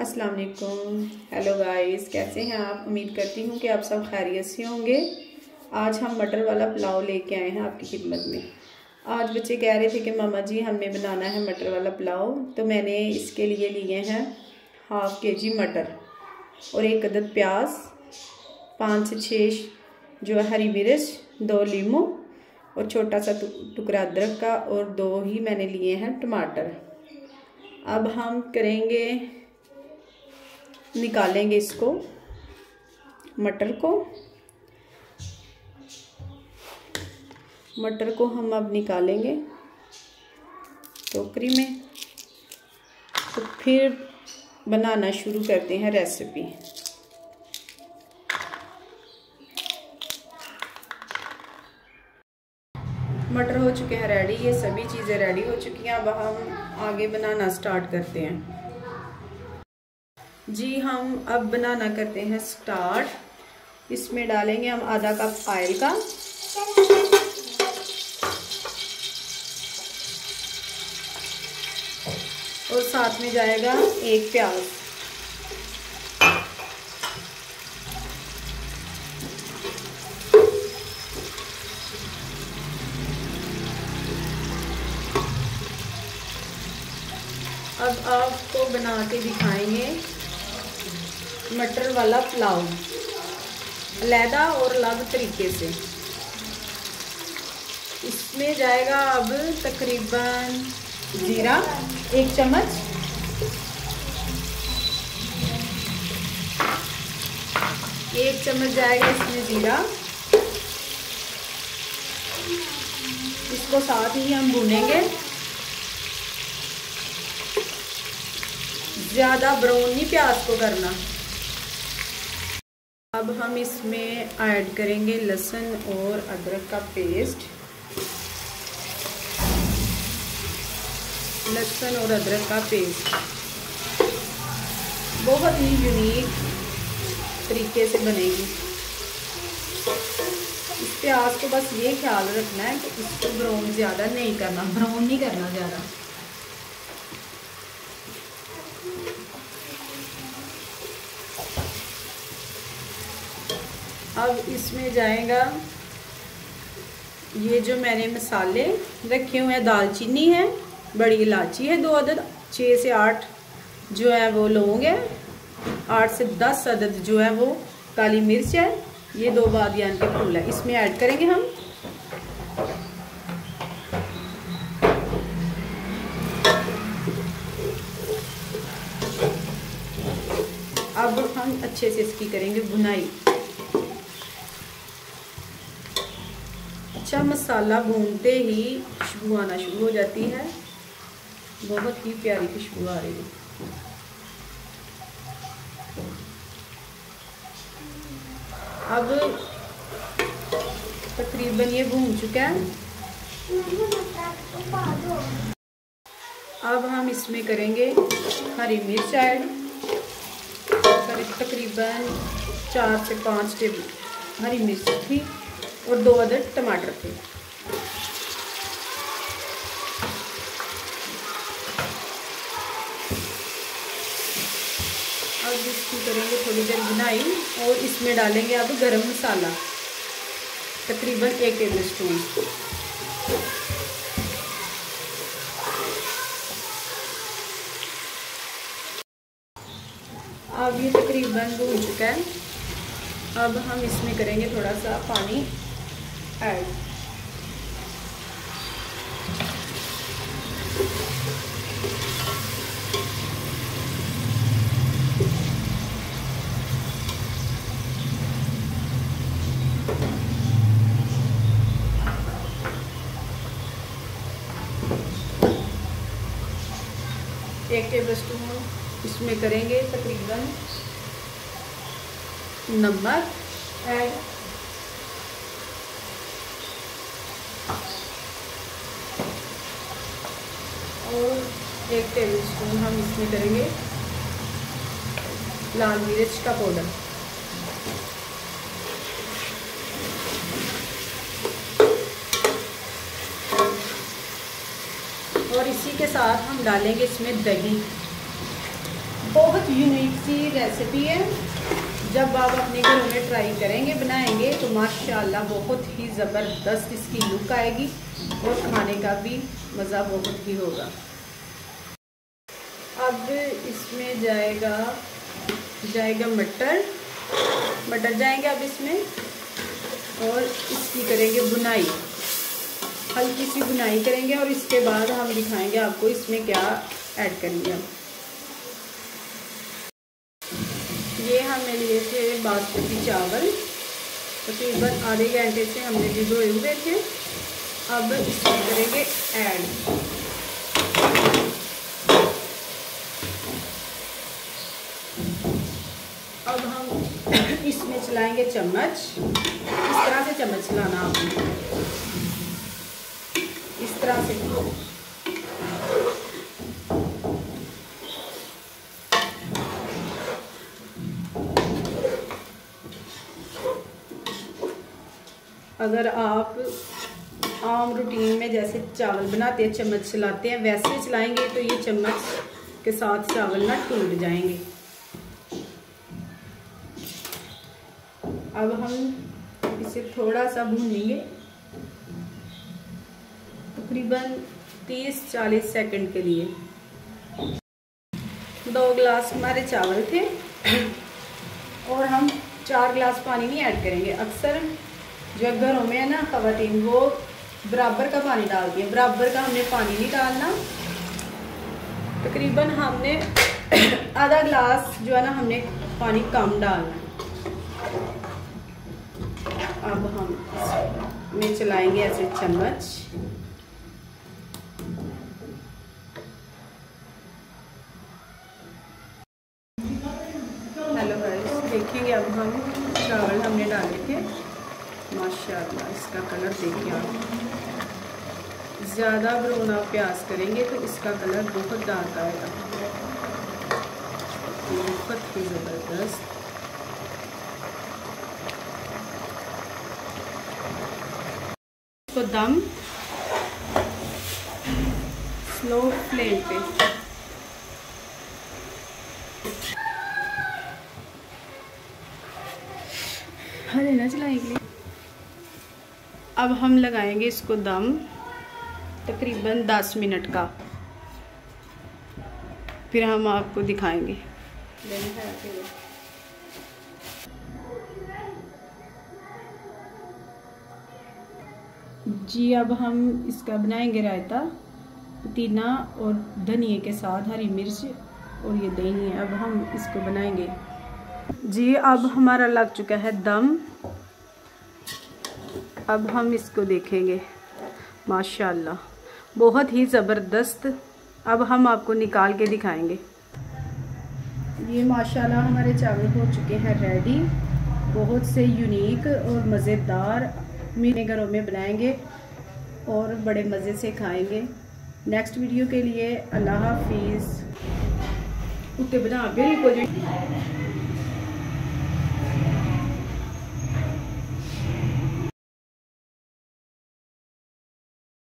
अस्सलाम वालेकुम hello guys कैसे हैं आप उम्मीद करती हूँ कि आप सब खैरियत से होंगे आज हम मटर वाला पुलाव लेके आए हैं आपकी खिदमत में आज बच्चे कह रहे थे कि मामा जी हमें बनाना है मटर वाला पुलाव तो मैंने इसके लिए लिए हैं हाफ के जी मटर और एक अदद प्याज पाँच से छः जो है हरी मिर्च दो लीमू और छोटा सा टुकड़ा अदरक का और दो ही मैंने लिए हैं टमाटर अब हम करेंगे निकालेंगे इसको मटर को मटर को हम अब निकालेंगे टोकरी में तो फिर बनाना शुरू करते हैं रेसिपी मटर हो चुके हैं रेडी ये सभी चीज़ें रेडी हो चुकी हैं अब हम आगे बनाना स्टार्ट करते हैं जी हम अब बनाना करते हैं स्टार्ट इसमें डालेंगे हम आधा कप ऑयल का और साथ में जाएगा एक प्याज अब आपको बना के दिखाएंगे मटर वाला पुलाव लैदा और अलग तरीके से इसमें जाएगा अब तकरीबन जीरा एक चम्मच एक चम्मच जाएगा इसमें जीरा इसको साथ ही हम भूनेंगे ज़्यादा ब्राउन नहीं प्याज को करना अब हम इसमें ऐड करेंगे लहसुन और अदरक का पेस्ट लहसुन और अदरक का पेस्ट बहुत ही यूनिक तरीके से बनेगी इस प्याज को बस ये ख्याल रखना है कि इसको ब्राउन ज़्यादा नहीं करना ब्राउन नहीं करना ज़्यादा अब इसमें जाएगा ये जो मैंने मसाले रखे हुए हैं दालचीनी है बड़ी इलायची है दो अदद छः से आठ जो है वो लौंग है आठ से दस अदद जो है वो काली मिर्च है ये दो बादियान के फूल है इसमें ऐड करेंगे हम अब हम अच्छे से इसकी करेंगे बुनाई अच्छा मसाला भूनते ही खुशबू आना शुरू हो जाती है बहुत ही प्यारी खुशबू आ रही है अब तकरीबन ये भून चुका है अब हम इसमें करेंगे हरी मिर्च ऐड तकरीबन चार से पाँच टेबल हरी मिर्च थी और दो अदर टमाटर थे अब इसकी करेंगे थोड़ी देर भुनाई और इसमें डालेंगे अब गरम मसाला तकरीबन एक टेबल स्पून अब ये तकरीबन भून चुका है अब हम इसमें करेंगे थोड़ा सा पानी egg. एक टेबल स्पून इसमें करेंगे तकरीबन नमक एंड एक टेबल स्पून हम इसमें करेंगे लाल मिर्च का पाउडर और इसी के साथ हम डालेंगे इसमें दही बहुत यूनिक सी रेसिपी है जब आप अपने घरों में ट्राई करेंगे बनाएंगे तो माशाल्लाह बहुत ही ज़बरदस्त इसकी लुक आएगी और खाने का भी मज़ा बहुत ही होगा इसमें जाएगा जाएगा मटर मटर जाएंगे अब इसमें और इसकी करेंगे बुनाई हल्की सी बुनाई करेंगे और इसके बाद हम दिखाएंगे आपको इसमें क्या ऐड करेंगे हम ये हमने लिए थे बासमती चावल तकरीबन आधे घंटे से हमने भिगोए हुए थे अब इसमें करेंगे ऐड चलाएंगे चम्मच इस तरह से चम्मच लाना आपने इस तरह से अगर आप आम रूटीन में जैसे चावल बनाते हैं चम्मच चलाते हैं वैसे चलाएंगे तो ये चम्मच के साथ चावल ना टूट जाएंगे अब हम इसे थोड़ा सा भून लेंगे तकरीबन 30-40 सेकंड के लिए दो गिलास हमारे चावल थे और हम चार गिलास पानी नहीं ऐड करेंगे अक्सर जो घरों में है ना खातन वो बराबर का पानी डालती है बराबर का हमने पानी नहीं डालना तकरीबन हमने आधा गिलास जो है ना हमने पानी कम डालना अब हम इसमें चलाएंगे ऐसे चम्मच हेलो गाइस देखेंगे अब हम चावल हमने डाले थे माशाल्लाह इसका कलर देखिए आप ज़्यादा भरोना प्याज करेंगे तो इसका कलर बहुत डार्क आएगा बहुत ही ज़बरदस्त इसको दम स्लो फ्लेम पे अरे हाँ ना चलाएंगे अब हम लगाएंगे इसको दम तकरीबन 10 मिनट का फिर हम आपको दिखाएंगे जी अब हम इसका बनाएंगे रायता पुदीना और धनिए के साथ हरी मिर्च और ये दही है अब हम इसको बनाएंगे जी अब हमारा लग चुका है दम अब हम इसको देखेंगे माशाल्लाह बहुत ही ज़बरदस्त अब हम आपको निकाल के दिखाएंगे ये माशाल्लाह हमारे चावल हो चुके हैं रेडी बहुत से यूनिक और मज़ेदार मेरे घरों में बनाएंगे और बड़े मज़े से खाएंगे नेक्स्ट वीडियो के लिए अल्लाह हाफिज़ उत्ते बना बिल्कुल